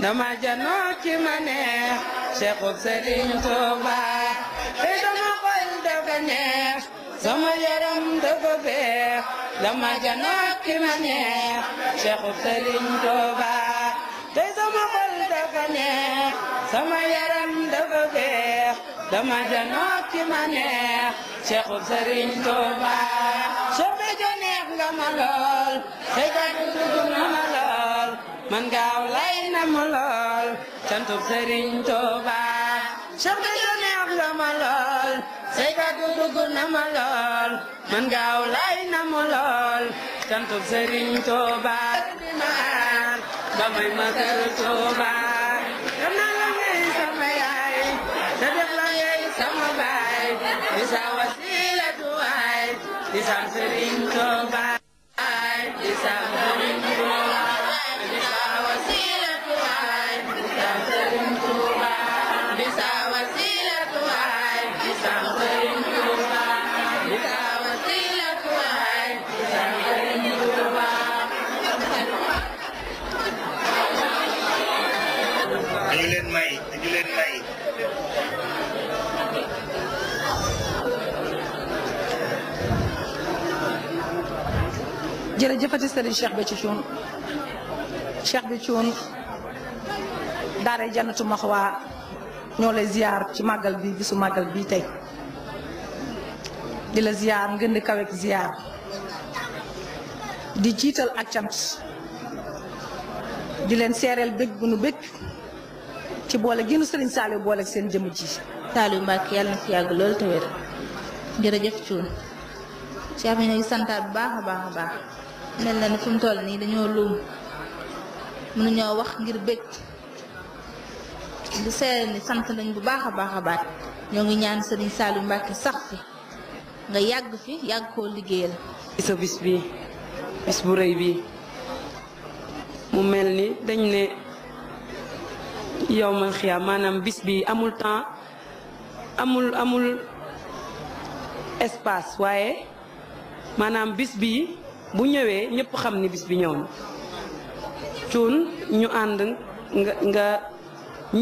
dama janoo ci ma neex Seexu Sëriñ Tuubaa sama yaram dafa beex dama janoog ki ma neex Seexu Sëriñ Tuuba tey sama xol dafa neex sama yaram dafa beex dama janoog ki ma neex Seexu Sëriñ Tuuba soo bejo neex nga ma lool te jaadu dugg na ma lool man gaaw lay na ma lool cantub Sëriñ Tuuba lamalol say ka gudugu namalol man gaaw lay namolol cantub sëriñ Tuuba dina aar ba may ma kër Tuuba dam na la ngay sama yaay da def la ngay sama baay di sa wasiila tuwaay di sa sëriñ jëfati sëriñ Cheikh Béthio Thioune Cheikh bi Thioune daara Jannatul Maxwa ñoo lay ziar ci màggal bi gisu màggal bi tey di la ziar ngeen di kaweeg ziar di jiital ak di leen seereel bég bu nu bég ci boole gi nu sëriñ Saliou boole seen jëmm ji. Saliou Mbacke yàlla na fi yàgg loolu te wér jërëjëf Thioune Cheikh bi ñu ngi bu baax a baax a baax. mel na ni fu toll nii dañoo luum ñoo wax ngir bëgg di seere ni sant nañ bu baax a baax a baat ñoo ngi ñaan Serigne Saliou Mbacke sax fi nga yàgg fi yàgg koo liggéeyal. sa bis bi bis bu rëy bi mu mel ni dañ ne yow man maanaam bis bi amul temps amul amul espace waaye maanaam bis bi bu ñëwee ñëpp xam ni bis bi ñëw na cuun ñu ànd nga nga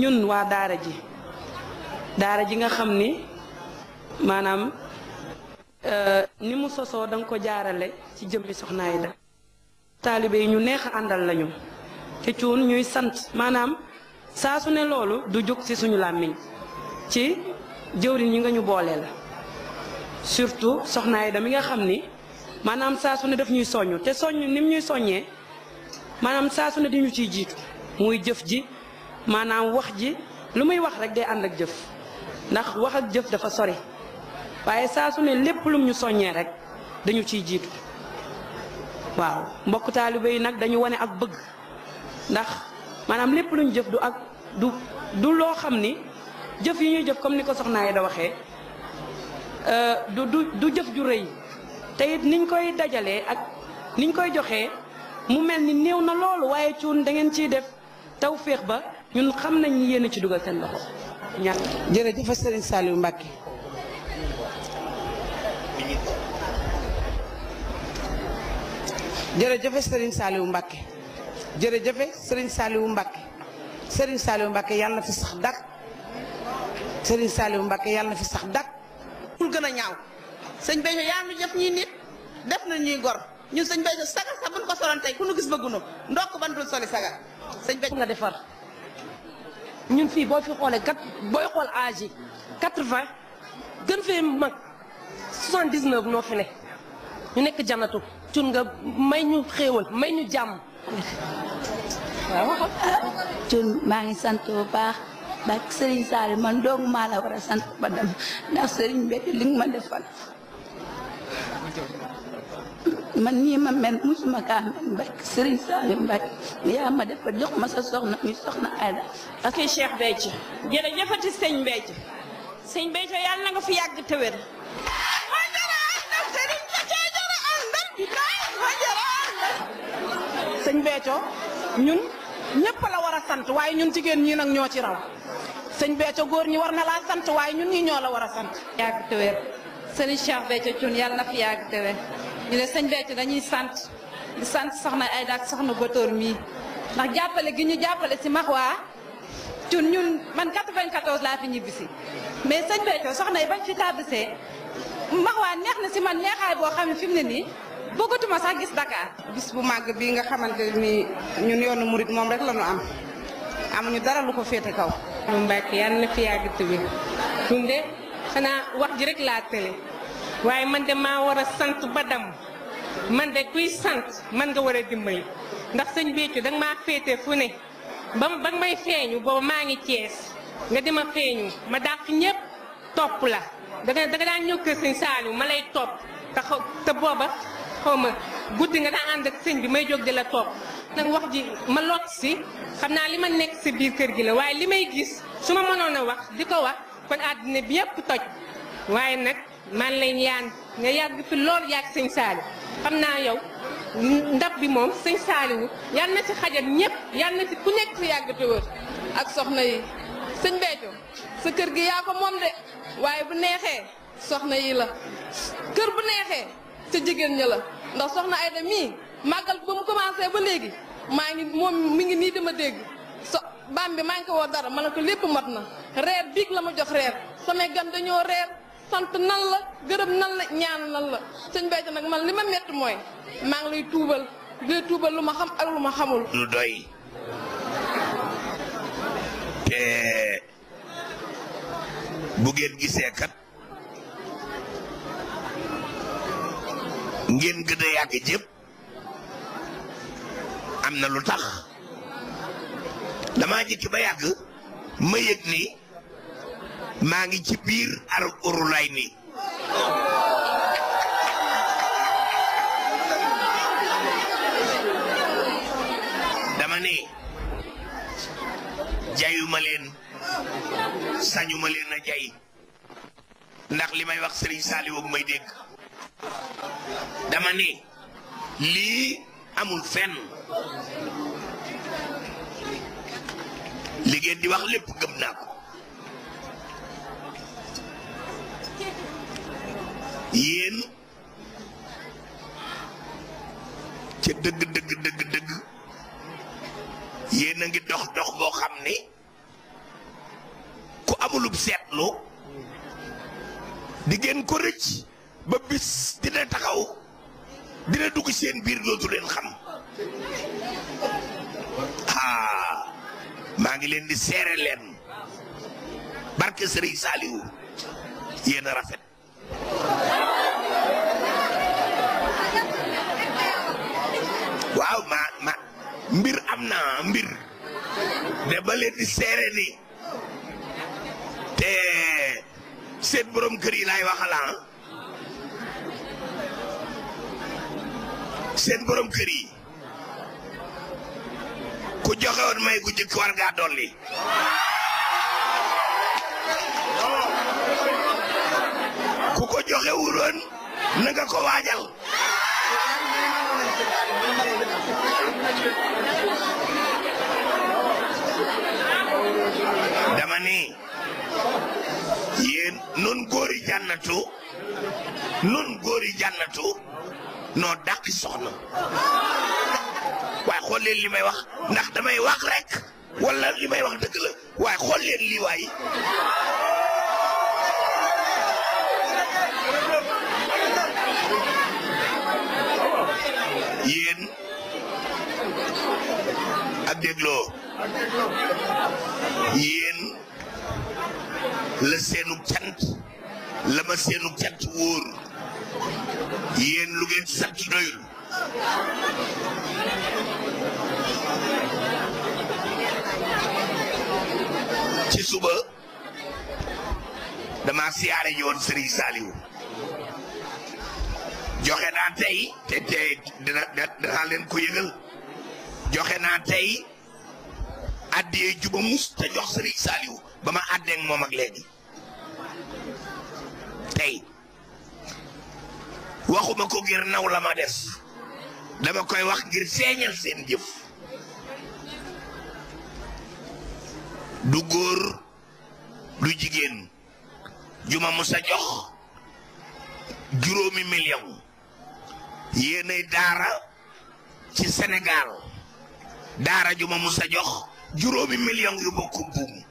ñun waa daara ji daara ji nga xam ni maanaam euh, ni mu sosoo danga ko jaarale ci jëmmi Soxna Aida taalibe yi ñu neex àndal lañu te cuun ñuy sant maanaam saa su ne loolu du jóg ci suñu làmmiñ ci jëwriñ yi nga ñu boole surtout Soxna Aida mi nga xam ni maanaam saa su ne daf ñuy soññ te soññ ni mu ñuy soññee maanaam saasu su ne di ciy jiitu muy jëf ji maanaam wax ji lu muy wax rek day ànd ak jëf ndax wax ak jëf dafa sore waaye saasu su ne lépp lum ñu soññee rek dañu ciy jiitu waaw mbokk taalibe yi nag dañu wane ak bëgg ndax maanaam lépp luñ jëf du ak du du loo xam ni jëf yi ñuy jëf comme ni ko soxnaa yi da waxee euh, du du du jëf ju rëy te niñ koy dajalee ak niñ koy joxee mu mel ni néew na loolu waaye cuun dangeen ngeen ciy def taw féex ba ñun xam nañ ni yéen ci dugal seen loxo ñaan jërëjëf Serigne Saliou Mbacke jërëjëf Serigne Saliou Mbacke jërëjëf Serigne Saliou Mbacke Serigne Saliou Mbacke yàlla na fi sax dak Serigne Saliou Mbacke yàlla na fi sax dak pour gën a ñaaw sëñ Béthio yaa ngi jëf ñii nit def na ñuy gor ñun sëñ Béthio sagar sax buñ ko soloon ku nu gis bëggunu ndokk ban dul soli sagar sëñ Béthio nga defar ñun fii boo fi xoolee kat booy xool âge quatre-vingt gën fee mag soixante-dix-neuf noo fi ne ñu nekk janatu cun nga may ñu xéewal may ñu jàmm cun maa ngi sant bu baax baax sëriñ Saali man doogu maa la war a sant ba dem ndax sëriñ Béthio li nga ma defal man nii ma mel musuma kaa mel barke Serigne Saliou Mbacké yaa ma dafa jox ma sa soxna muy soxna Aida ak Cheikh Béthio jërëjëfati sëñ Béthio sëñ Béthio yàlla na nga fi yàgg te wér sëñ Béthio ñun ñëpp la war a sant waaye ñun jigéen ñi nag ñoo ci raw sëñ Béthio góor ñi war na laa sant waaye ñun ñi ñoo la war a sant yàgg te Cheikh na fi yàgg ñu ne sëñ Béthio dañuy sant di sant soxna Aïda ak soxna Bator mii ndax jàppale gi ñu jàppale ci Maxwaa cun ñun man 94 laa fi ñibbisi mais sëñ Béthio soxna yi bañ fi tàbbisee Maxwaa neex na si man neexaay boo xam ne fi mu ne nii bëggatuma sax gis Dakar. bis bu màgg bii nga xamante ni ñun yoonu murit moom rek la nu am amuñu dara lu ko féete kaw. Mbacke yàlla na fi yàgg tëbi ñun de xanaa wax ji rek laa tële. waaye man de maa war a sant ba damm man de kuy sant man nga war a dimbali ndax sëñ Béthio danga maa féete fu ne ba ba may feeñu booba maa ngi Cees nga dima feeñu ma dàq ñëpp topp la danga danga daan ñëw kër sëñ Saliou ma lay topp te xaw te booba xaw guddi nga daan ànd ak sëñ bi may jóg di la topp nag wax ji ma lott si xam naa li ma nekk si biir kër gi la waaye li may gis su ma mënoon wax di ko wax kon àddina bi yëpp toj waaye nag man lay ñaan nga yàgg fi lool yàgg sëñ Saaliw xam naa yow ndab bi moom sëñ Saaliwu yal na ci xajat ñëpp yal na ci ku nekk fi yàgg te ak soxna yi sëñ Béthio sa kër gi yaa ko moom de waaye bu neexee soxna yi la kër bu neexee sa jigéen ña la ndax soxna Ayda mii màggal ba mu commencé ba léegi maa ngi moom mi ngi nii dama dégg so baam bi maa ngi ko woo dara ma ne ko lépp mat na reer biig la ma jox reer samay gan dañoo reer sant nan la gërëm nan la ñaan nan la sëñ Béthio nag man li ma métti mooy maa ngi lay tuubal di tuubal lu ma xam ak lu ma xamul. lu doy te bu ngeen gisee kat ngeen gën a yàgg jëpp am na lu tax damaa jikki ba yàgg ma yëg nii. mangi ngi ci biir ar urulay ni dama ne jayuma leen sañuma leen a jay ndax li may may deg. dama amul fenn li di wax lépp gëm naa ko yéen ca dëgg dëgg dëgg dëgg yéen a ngi dox dox boo xam ni ku amulub seetlu di ngeen ko rëcc ba bis dina taxaw dina dugg seen biir dootu leen xam ah maa ngi leen di seere leen barke Sëriñ Saaliwu yéen rafet mbir am na mbir de ba leen te seet borom kër yi laay waxala ah. seet borom kër yi ku joxe may gu war ngaa dolli ku ko joxe wuroon na ko waajal dama ni yéen nun góori noon góor góori jànnatu noo dàqi soxna waaye xool leen li may wax ndax damay wax rek wala li may wax dëgg la waaye xool leen lii waay ak dégloo yéen la seenug cant la ma seenug cant wóor yéen lu ngeen doyul ci suba dama siyaare ji woon Serigne joxe naa tey te tey dina dinaa leen ko yëgal joxe na tay juba mus te jox sëriñ saliw bama ma ak mom ak léegi tay waxuma ko gir naw la ma def dama koy wax gir feeñal seen jëf du gor du jigen juma musa jox juróomi million yene dara ci Senegal. daara ju ma musa jox juróomi million yu bokk buum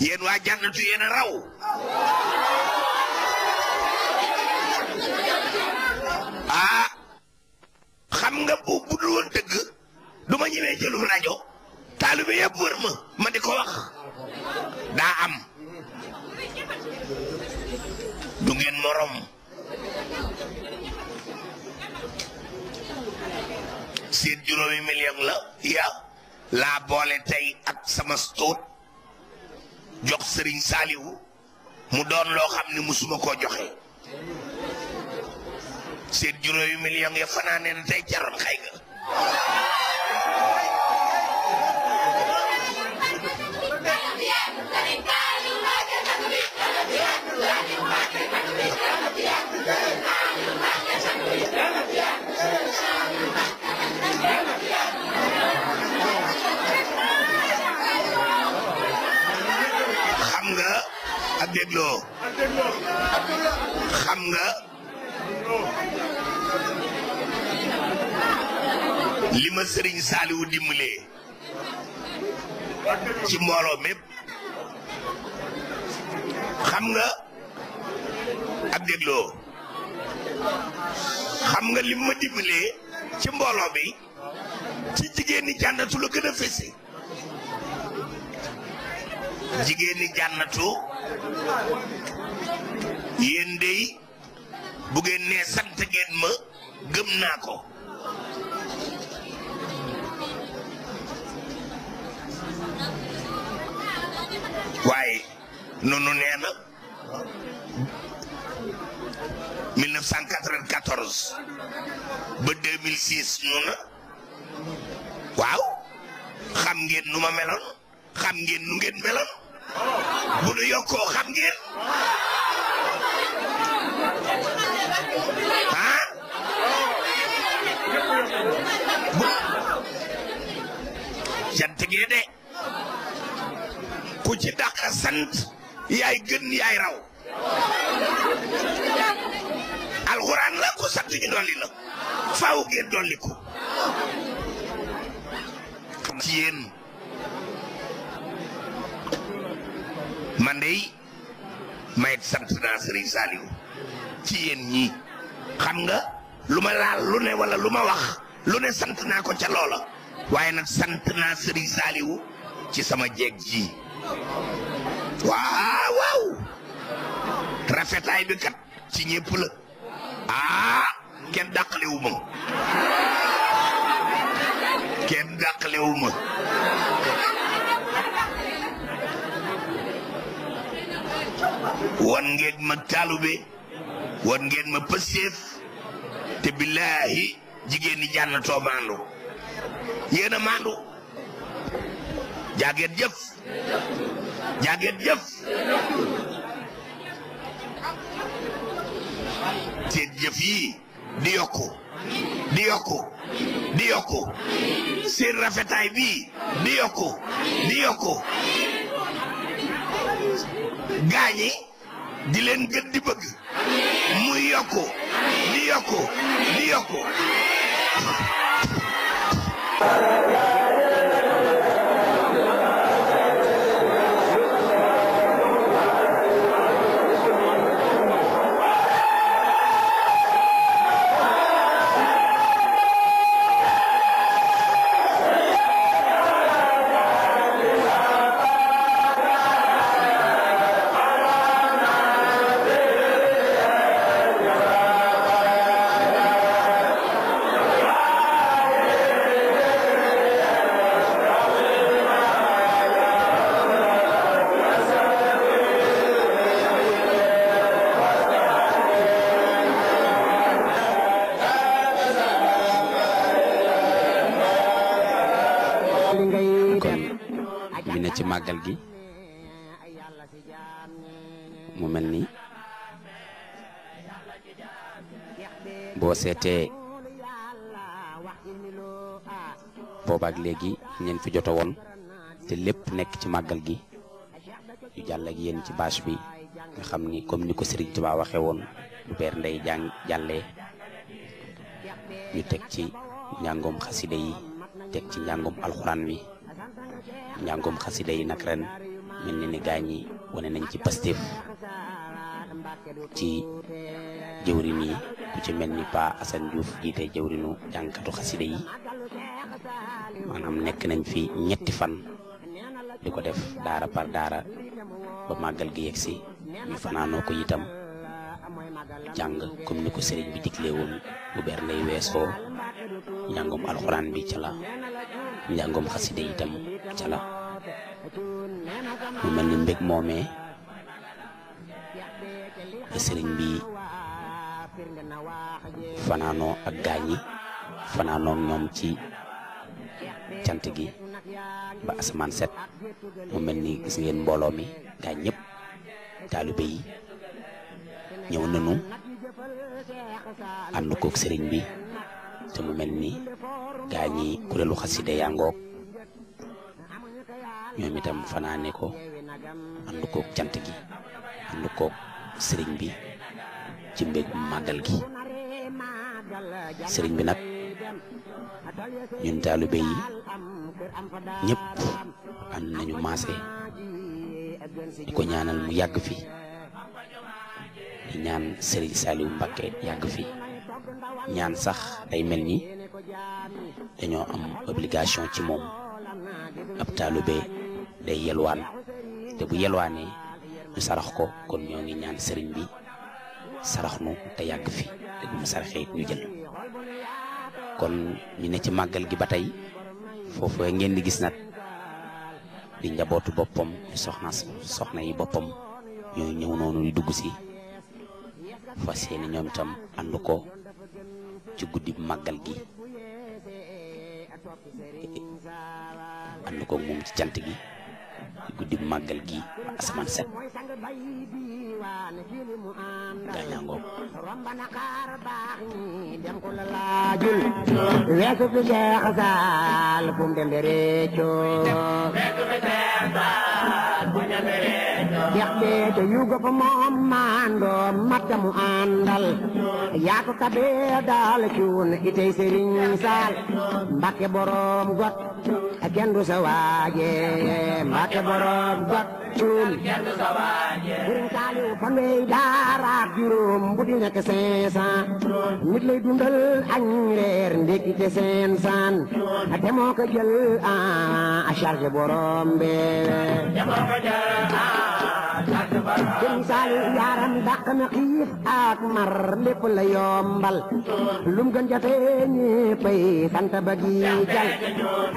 yéen waa jànnatu yéen a raw ah xam nga bu bu dul woon dëgg du ma ñëwee jëlu rajo taalibe yëpp wër ma ma di wax daa am du ngeen morom seen juróomi million la ya laa boole tey ak sama stoot jox sëriñ saaliwu mu doon loo xam ni musuma koo joxe seen juróomi million ya fanaanee na tey jaroon xay nga sëriñ saaliwu dimbalee ci mbooloo mépp xam nga ak dégloo xam nga lim ma dimbalee ci mbooloo bi ci jigéen ñi jànnatu la gën a jigéen ñi jànnatu gis waaw xam ngeen nu ma meloon xam ngeen nu ngeen meloon bu nu yokkoo xam ngeen ah jant gee de ku ci dàq sant yaay gën yaay raw alxuraan la ku sant ñu dolli la faaw ngeen dolli ko ci yéen man dey mayit sant naa Sëriñ Saaliw ci yéen ñii xam nga lu ma laal lu ne walla lu ma wax lu ne sant naa ko ca loola waaye nag sant naa Sëriñ Saaliw ci sama jeeg ji waaw rafetaay bi kat ci ñépp la ah kenn dàqalewu ma kenn dàqalewu ma wan ngeen ma taalube wan ngeen ma pëseef te billaahi jigéen ñi jànnatoo maandu yéen a maandu jaageet jëf jaageet jëf jëf yi di yokku di yokku di yokku seen rafetaay bi di yokku di yokku gaañi ci màggal gi mu mel ni boo seetee boobaak léegi ñeen fi joto woon te lépp nekk ci màggal gi yu jàll ak yéen ci bâche bi nga ni comme ni ko Serigne Touba waxee woon bu beer ndey jàng jàllee ñu teg ci njàngoom xaside yi teg ci njàngoom alxuraan wi njàngum xasida yi nag ren na ni gaañ yi wane nañ ci pastéef ci jëwrin yi ku ci mel ni Pa Assane Diouf jiite jëwrinu jàngkatu xasida yi maanaam nekk nañ fi ñetti fan di ko def daara par daara ba màggal gi yegsi ñu fanaanoo ko itam jàng comme ni ko sëriñ bi diglee woon bu bernde yi weesoo njàngum alxuraan bi ca la njàngoom xaside itam ca la mel ni mbég moomee sëriñ bi fanaanoo ak gaañi fanaanoo ñoom ci cant ba asamaan set mu mel ni gis ngeen mbooloo mi ñëpp taalibe yi ñëw sëriñ bi te mu mel ni gaa ñi kuréelu xaside yaa ngoog ñoom itam fanaane ko cant gi ànd koog sëriñ bi ci mbég màggal gi sëriñ bi nag ñun taalibe yi ñëpp ànd nañu maase di ko ñaanal mu yàgg fi di ñaan sëriñ Saliou Mbacké yàgg fi ñaan sax day mel ni dañoo am obligation ci moom ab taalube day yelwaan te bu yelwaanee ñu sarax ko kon ñoo ngi ñaan sëriñ bi sarax nu te yàgg fi te bu saraxee ñu jël kon ñu ne ci màggal gi ba tey foofu ngeen di gis nag di njabootu boppam di soxna yi boppam ñooy ñëw noonu di dugg si fas yéene ñoom itam ànd ci guddi magal gi ànd ko ci cant gi guddi magal gi asman set gaañaa fi jeex dex bee te yuuga fa moom maandoo matta mu àndal yaa ko kabee daal cuun itey sëriñ saal mbàkke boroom got kenn du sa waaje mbàkke boroom got cuun sëriñ saaliw fanweey daaraak juróom bu di nekk cinq cent nit lay dundal añ reer ndékki te cinq cent te moo ko jël a charge boroom bee sëriñ Saliou yaaram dàq na xiif ak mar lépp la yombal lum gën jotee ñéppay sant ba gi jal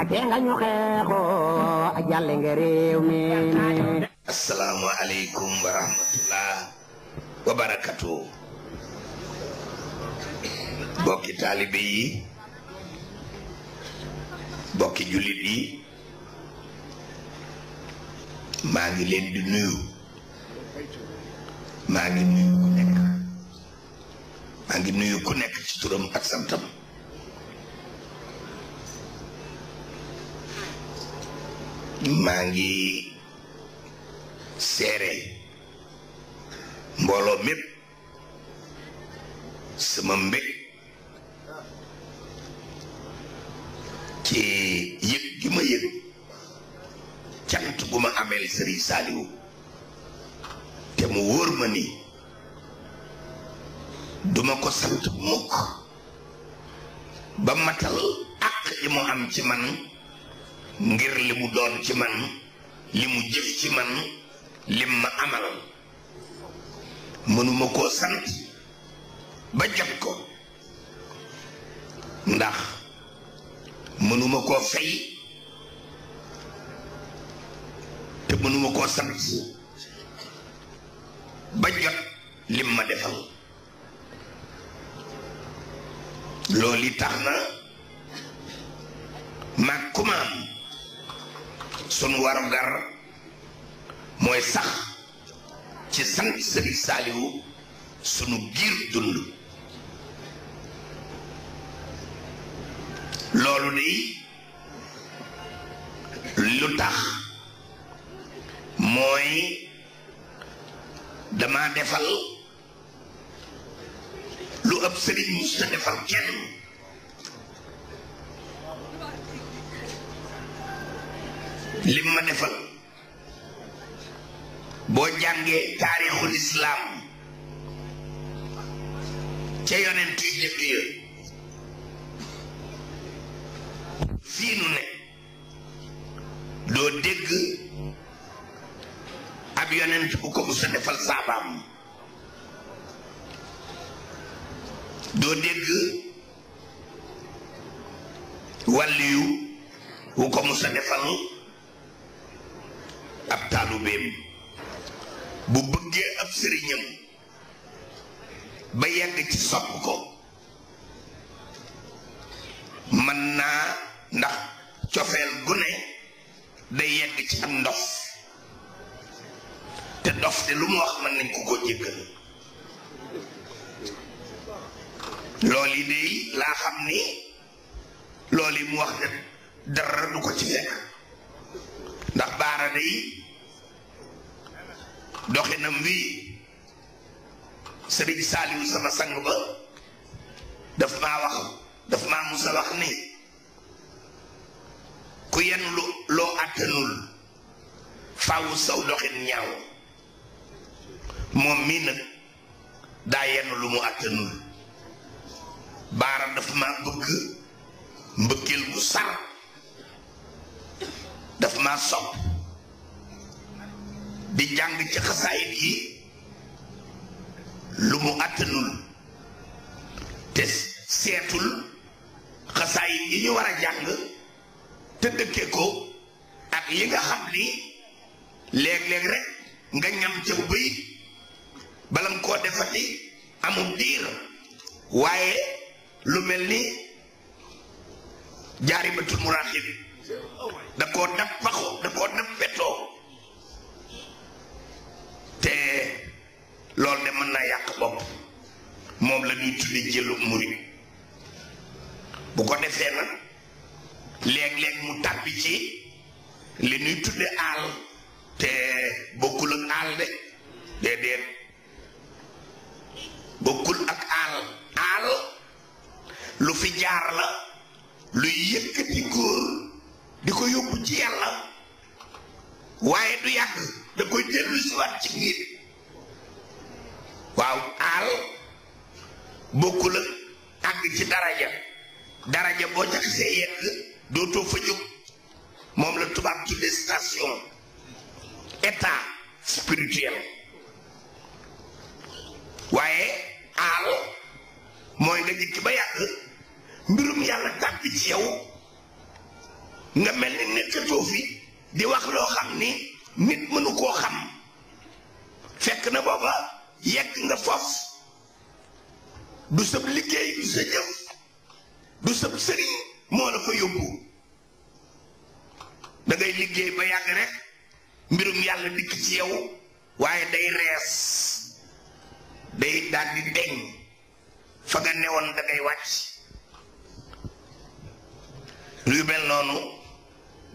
te nga ñu xeexoo a jàlle nga réew mi asalaamu aleykum wa rahmatullah wa barakatu bokki taalibe yi bokki jullit yi maa ngi leen di nuyu maa ngi nuyu ku nekk maa ngi nuyu ku nekk ci turam ak santam maa ngi seere mbooloo mépp sama mbég ci yëg gi ma yëg cant gu ma ameel Sëriñ Saaliwu te mu wóor ma ni duma ko sant mukk ba matal ak li mu am ci man ngir li mu doon ci man li mu jëf ci man lim ma amal mënuma koo sant ba jot ko ndax mënuma koo fay te mënuma koo sant ba jot lim ma defal loolu yi tax na mag kumaam sunu warugar mooy sax ci sant Sëriñ Saaliwu sunu giir dund loolu di lu tax mooy damaa defal lu ëpp sëriñ musta defal kenn lim ma defal boo jàngee taarixul islaam ca yonent yi ya fii nu ne doo dégg ab yonent bu ko musa defal saabaam doo dégg wàlliyu bu ko musa defal ab taalubeem bu bëggee ab sëriñam ba yegg ci sopp ko mën naa ndax cofeel gu ne yegg ci am ndox te dof de lu mu wax mën nañ ko ko jéggal loolu yi day laa xam ni loolu yi mu wax de dara du ko ci fekk ndax baara day doxinam wi sëriñ Saaliwu sama sang ba daf maa wax daf maa musa wax ni ku yenn loo àttanul faawu saw doxin ñaaw moom mii nag daa yenn lu mu àttanul baara dafa maa bëgg mbëggeel gu sar dafa maa sopp di jàng ci xasaayit yi lu mu àttanul te seetul xasaayit yi ñu war a jàng te dëkke ko ak yi nga xam ni léeg-léeg rek nga ñam ca bëy balam ko defati amu dir waye lu melni ni betul murahib da ko dab baxoo da ko dab te lol de man na yak bopp mom la ni tuddi jelu murid bu ko defé nag leg leg mu tabbi ci li ni tuddi al te bokul ak al de Bukul ak al, al lu fi jaar la lu yëkkati góor di ko yóbbu ci yàlla waaye du yàgg da koy dellu si waat ci ngir waaw al bokul ak àgg ci daraja daraja boo ca xasee yegg dootoo fa jóg moom la tubaab tudde station état spirituel waaye aal mooy nga jikki ba yàgg mbirum yàlla tàbbi ci yow nga mel ni nekkatoo fi di wax loo xam ni nit mënu koo xam fekk na booba yegg nga foof du sab liggéey du sa jëf du sab sëriñ moo la fa yóbbu da liggéey ba yàgg rek mbirum yàlla dikk ci yow waaye day rees day daal di deñ fa nga newoon da wàcc luy mel noonu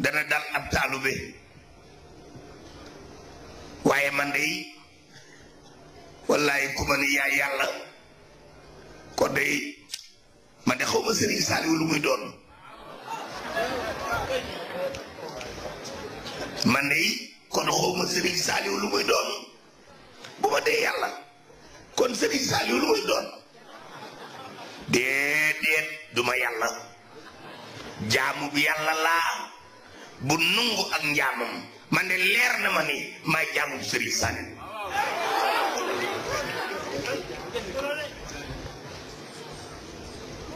dana dal ab taalube waaye man day wallaay ku ma ni yaay yàlla kon day man de xaw ma sëriñ Saaliw lu muy doon man day kon xaw ma sëriñ Saaliw lu muy doon bu ma dee yàlla kon sëriñ Saliou lu Dumayang, doon déedéet duma yàlla jaamu bi yàlla laa bu nungu ak njaamam man de leer na ma ni maa jaamu li, Saliou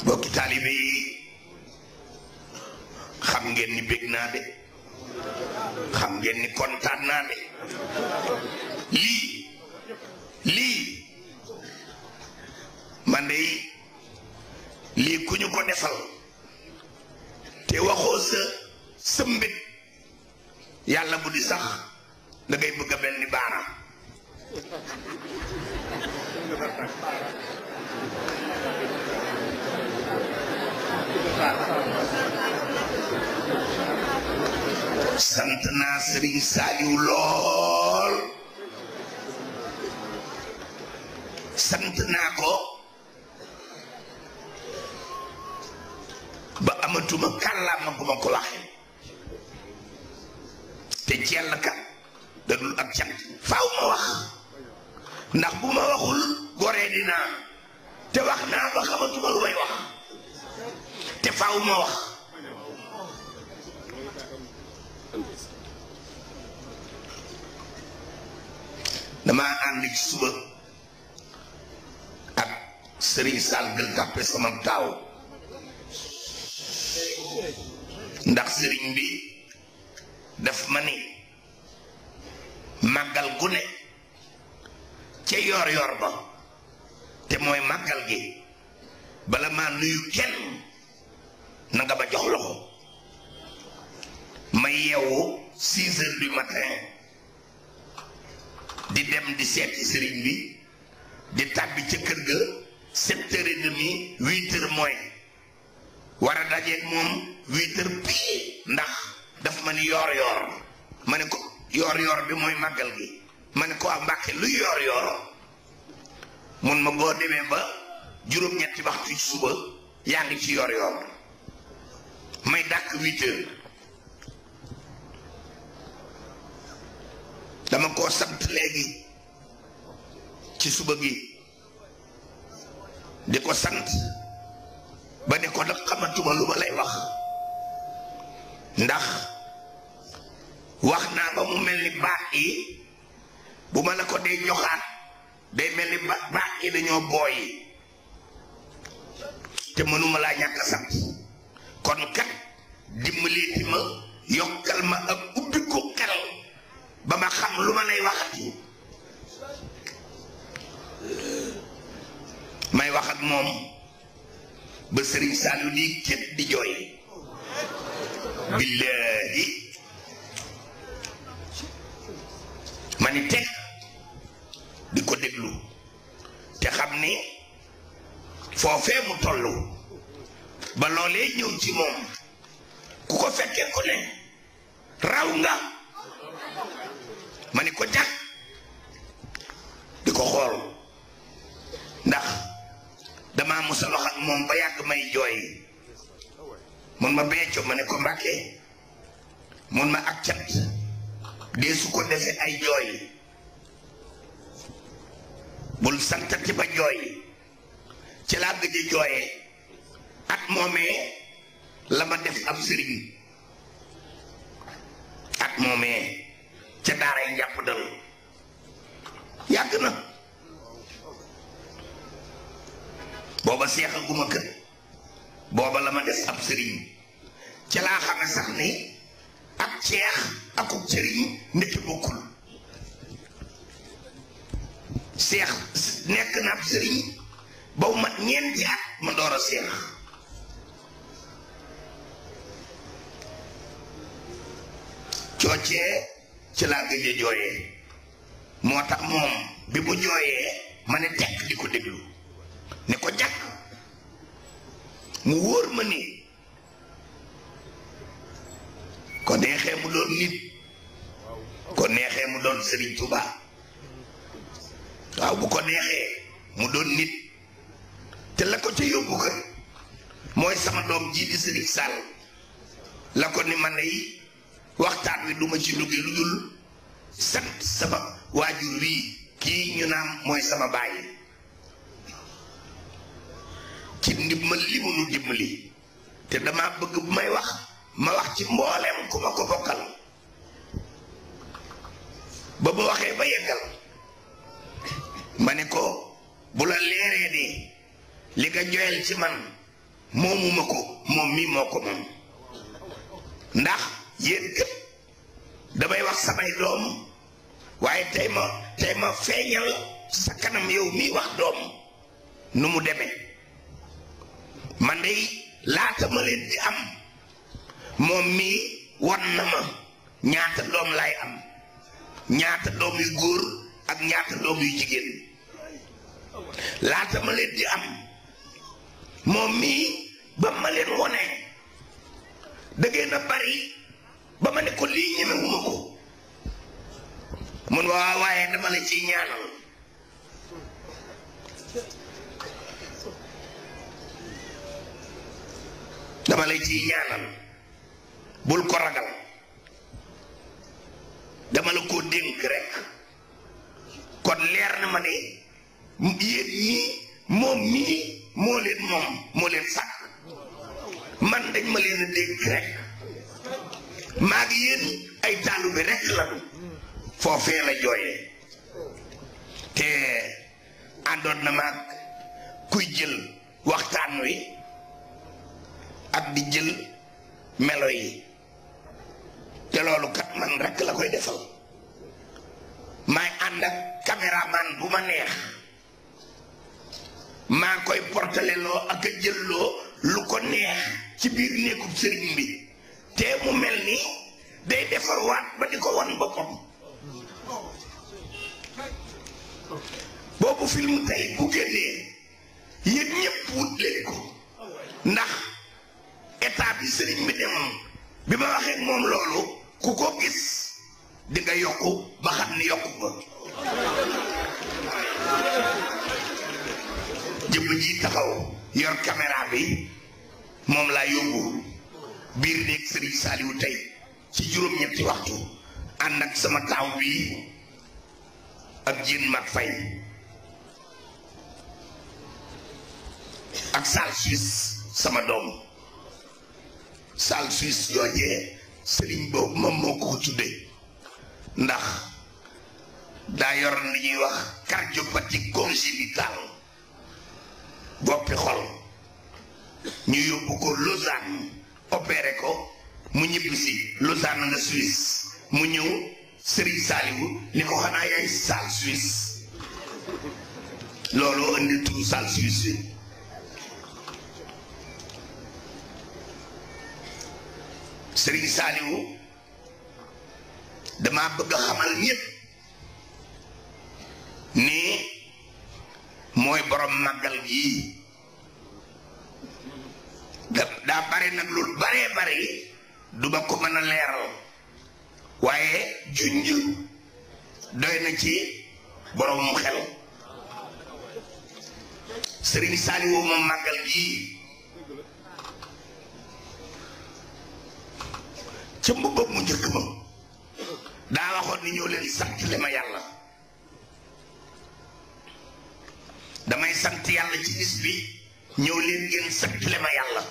bokki ni de xam ni de li li man lii ku ñu ko defal te waxoo sa sëmbit yàlla bu di sax da ngay bëgg a benn baaraam sant naa sëriñ Saaliw lool sant naa ko amatuma kàllaama bu ma ko waxee te jell ka da dul ak cant faaw ma wax ndax bu ma waxul goree dinaa te wax naa ba xamatuma lu may wax te faaw ma wax damaa ànd ci suba ak sëriñ Sall gën tàppe sama taaw ndax sëriñ bi daf ma ni màggal gu ca yoor yoor ba te mooy màggal gi bala maa nuyu kenn na ba jox loxo ma yeewu six heures matin di dem di seeti sëriñ bi di tàbbi ca kër ga sept heures et demie mooy war a dajeeg moom huit pii ndax dafa ma ni yoor yoor ma ne ko yoor yoor bi mooy màggal gi ma ne ko waa ah, Mbàkke luy yoor yoor mun ma boo demee ba juróom-ñetti waxtu suba yaa ngi ci yoor yoor may dàkk huit dama koo sant léegi ci suba gi di ko sant ba ne ko nag xamatuma lu ma lay wax ndax wax naa ba mu mel ni baat bu ma la ko dee joxaat day mel ni baat yi lañoo booy yi te mënuma laa ñàkk sant kon kat dimbaleeti ma yokkal ma ak ubbi ko xel ba ma xam lu ma lay waxati may wax moom ba sëriñ Saliou lii képp di jooy 寂寞。cëriñ ci laa xam sax ni ak ceex akub cëriñ ndekki bokkul seex nekk na ab sëriñ ba ma mat ñeenti at ma door a seex coocee ci laa gëj a jooyee moo tax moom bi mu jooyee ma ne tekk di ko déglu ne ko jàkk mu wóor ma nii ko neexee mu doon nit ko mu doon Serigne Touba waaw bu ko neexee mu doon nit te la ko ca yóbbu ko mooy sama doom ji di Serigne Sall la ko ni man yi waxtaan wi duma ci dugg lu dul sant sama waajur wii kii ñu naan mooy sama bàyyi ci ndimbal li mu nu dimbali te dama bëgg bu may wax ma wax ci mbooleem ku ma ko bokkal ba bu waxee ba yeggal ma ne ko bu la leeree ni li nga joyal ci man moomuma ko moom mii moo ko moom ndax yéen ëpp damay wax samay doom waaye tey ma tey ma feeñal sa kanam yow mii wax doom nu mu demee man day laata ma leen di am moom mii wan na ma ñaata doom lay am ñaata doom yu góor ak ñaata doom yu jigéen laata ma leen di am moom mii ba ma leen wone da ngeen bari ba ma ne ko lii ñemewuma ko mun waa waaye dama la ciy ñaanal dama la ciy ñaanal bul ko ragal dama la ko dénk rek kon leer na ma ne yéen ñii moom mii moo leen moom moo leen sàkk man dañ ma leen a dénk rek maa ngi yéen ay taalu bi rek la foofee la jooyee te àndoon na maag kuy jël waxtaan wi ak di jël melo yi te loolu kat man rek la koy defal maay ànd ak caméraman bu ma neex maa koy portale loo ak a jëlloo lu ko neex ci biir nekkub sëriñ bi te mu mel ni day defar ba di ko wan boppam boobu film tey bu génnee yéen ñëpp wut ko ndax état bi sëriñ bi demoon bi ma waxee moom loolu ku ko gis di nga yokku ba xam ni yokku nga jëmm ji taxaw yor caméra bi mom la yóbbu bir néeg sëriñ saaliwu tey ci juróom-ñetti waxtu ànd ak sama taw bi ak jin mag fay ak sal sama dom sal suisse joojee sëriñ boobu moom moo ko tuddee ndax daa yoroon li ñuy wax cardiopathie congénitale boppi xol ñu yóbbu ko Lausanne opéré ko mu ñibbisi Lausanne nga Suisse mu ñëw sëriñ Saaliwu ni ko xanaa yaay saal Suisse loolu indi turu saal Suisse bi sëriñ Saaliwu damaa bëgg xamal ñépp nii mooy borom màggal gii da daa bare nag lu baree bare du ko mën a leeral waaye junj doy na ci borom xel sëriñ Saaliwu moom gii ca mbubbam mu njëkk ma daa waxoon ni ñëw leen sant li ma yàlla damay sant yàlla ci bis bi ñëw leen ngeen sant li ma yàlla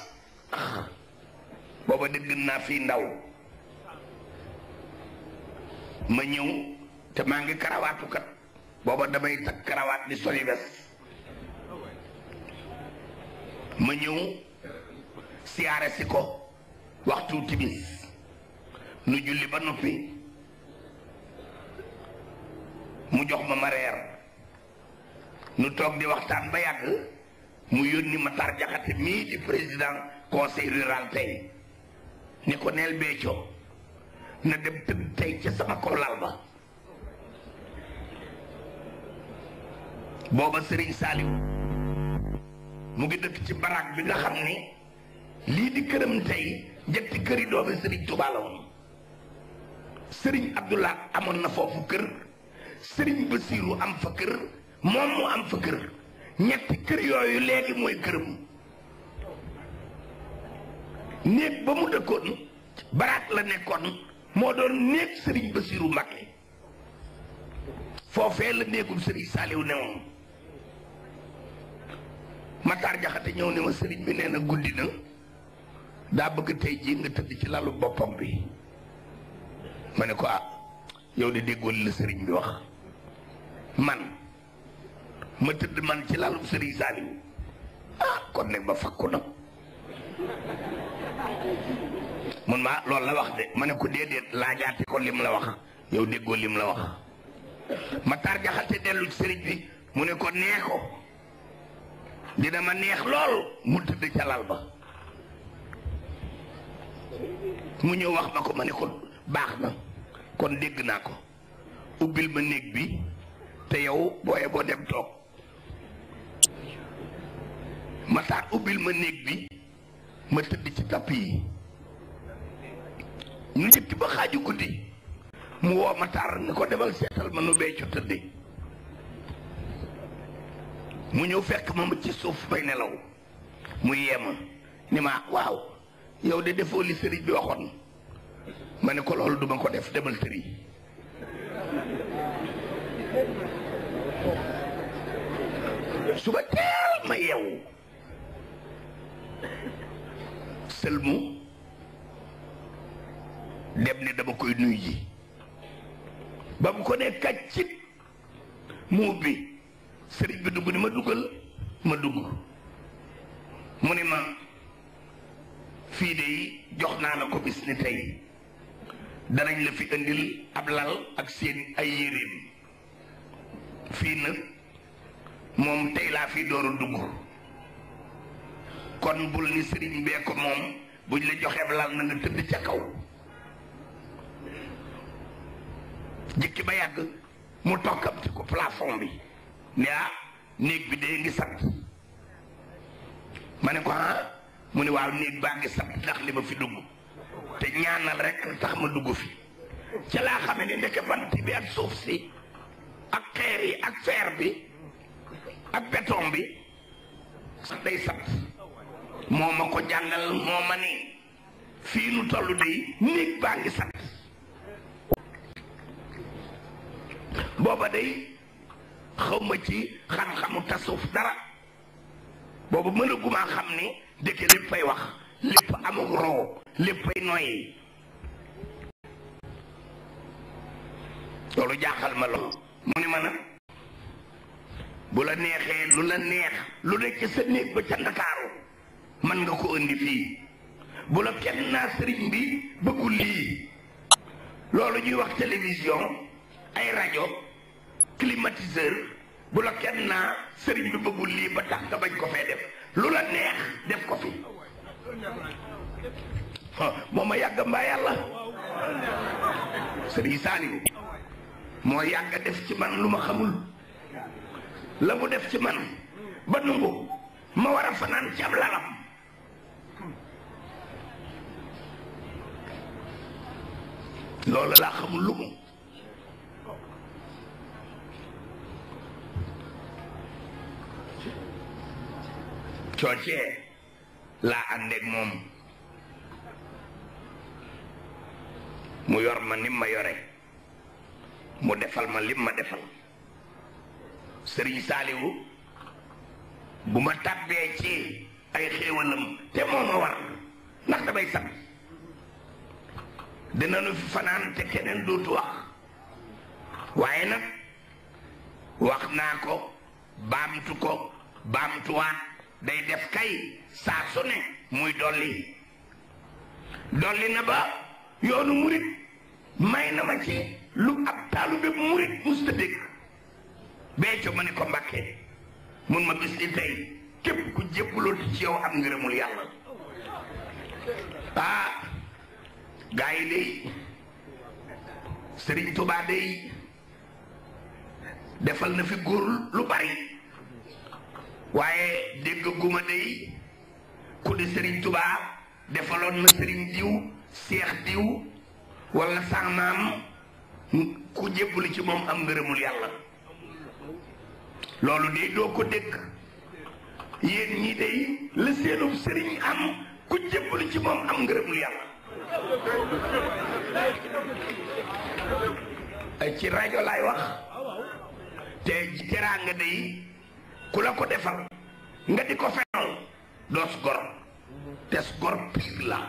booba dégg naa fi ndaw ma ñëw te maa ngi karawaatu kat booba damay takk karawaat di soli bes ma ñëw siyaare si ko waxtu timis nu julli ba noppi mu jox ma ma reer nu toog di waxtaan ba yàgg mu yónni ma tar jaxate mii di président conseil rural tey ni ko neel beeco na dem tëdd tey ca sama kaw ba booba sëriñ Saliou mu ngi dëkk ci baraag bi nga xam ni lii di këram tey ñetti këri doomi sëriñ Tuubaa sëriñ Abdoulaye amoon na foofu kër sëriñ Basiiru am fa kër moom mu am fa kër ñetti kër yooyu léegi mooy këram néeg ba mu dëkkoon baraat la nekkoon moo doon néeg sëriñ Basiiru Mbàkke foofee la néegum sëriñ Saaliw ne woon Matar Jaxate ñëw ne ma sëriñ bi nee na guddi na daa bëgg tey jii nga tëdd ci lalu boppam bi ma ne ko ah yow de déggoon la sëriñ bi wax man ma tëdd man ci laalum sëriñ Saliou ah kon nag ma fakku nag mun ma loolu la wax de ma ne ko déedéet laajaate ko lim la wax yow déggoo lim la wax ma tar jaxate dellu sëriñ bi mu ne ko nee ko dina ma neex lool mu tëdd ca lal ba mu ñëw wax ma ko ma ne ko baax na kon dégg naa ko ubbil ma néeg bi te yow booye boo dem toog mataar ubbil ma néeg bi ma tëdd ci tapp yi ñu njëkk ba xaaju guddi mu woo mataar ni ko demal seetal ma nu beccu tëddi mu ñëw fekk ma ma ci suuf may nelaw mu yeema ni ma waaw yow de defoo li sëriñ bi waxoon ma ne ko loolu duma ko def demal tëri suba teel ma yeewu sëlmu dem ne dama koy nuy yi ba mu ko ne kaccit mu ubbi sëriñ bi dugg ni ma duggal ma dugg mu ne ma fii de jox naa la ko bis ni tey danañ la fi indil ab lal ak seen ay yéreem fii nag moom tey laa fi dooru dugg kon bul ni sëriñ bee ko moom buñ la joxee ab lal na nga tëdd ca kaw jëkki ba yàgg mu tokkamti ko plafond bi ne ah néeg bi dee ngi sant ma ne ko ah mu ne waaw néeg baa ngi sant ndax li ma fi dugg te ñaanal rek sax ma dugg fi ci laa xame ne ndeke bant bi ak suuf si ak xeer yi ak fer bi ak béton bi sax day sax moma ko jangal moma ni fi nu tollu di nek baangi sax boba day xawma ci xam-xamu tasuf dara boba mën a deke xam ni fay wax lépp amul roo léppay noyyi loolu jaaxal ma lool mu ne ma nag bu la neexee lu la neex lu nekk sa néeg ba ca Ndakaaru mën nga ko indi fii bu la kenn naa sëriñ bi bëggul lii loolu ñuy wax télévision ay rajo climatiseur bu la kenn naa sëriñ bi bëggul lii ba tax nga bañ ko fee def lu la neex def ko fi moo ma yàgg mbaa yàlla sëriñ Saaliw moo yàgg def ci man lu ma xamul la mu def ci man ba nungu ma war a fanaan ci ab lalam loolu laa xamul lu mu coocee laa àndeeg moom mu yor ma nim ma yore mu defal ma lim ma defal sëriñ saaliwu bu ma tàbbee ci ay xéewalam te moo ma war ndax damay sab dinañu fi fanaan te keneen dootu wax waaye nag wax naa ko baamtu ko baamtuwaat day def kay saa su ne muy dolli dolli na ba yoonu murit may na ma ci lu ab taalube murit musta dégg beeco ma ne ko mbàkke mun ma bis di tey képp ku jébbalooti ci yow am ngërëmul yàlla ah gaa yi sëriñ tubaa day defal na fi góor lu bari waaye dégg guma day ku di sëriñ tubaa defaloon na sëriñ diw seex diw wala sànnaam ku jébbali ci moom am ngërëmul yàlla loolu de doo ko dégg yéen ñii day la seenum sëriñ am ku jébbali ci moom am ngërëmul yàlla ci rajo lay wax te teraanga day ku la ko defal nga di ko fenal doos gor tes gor piir la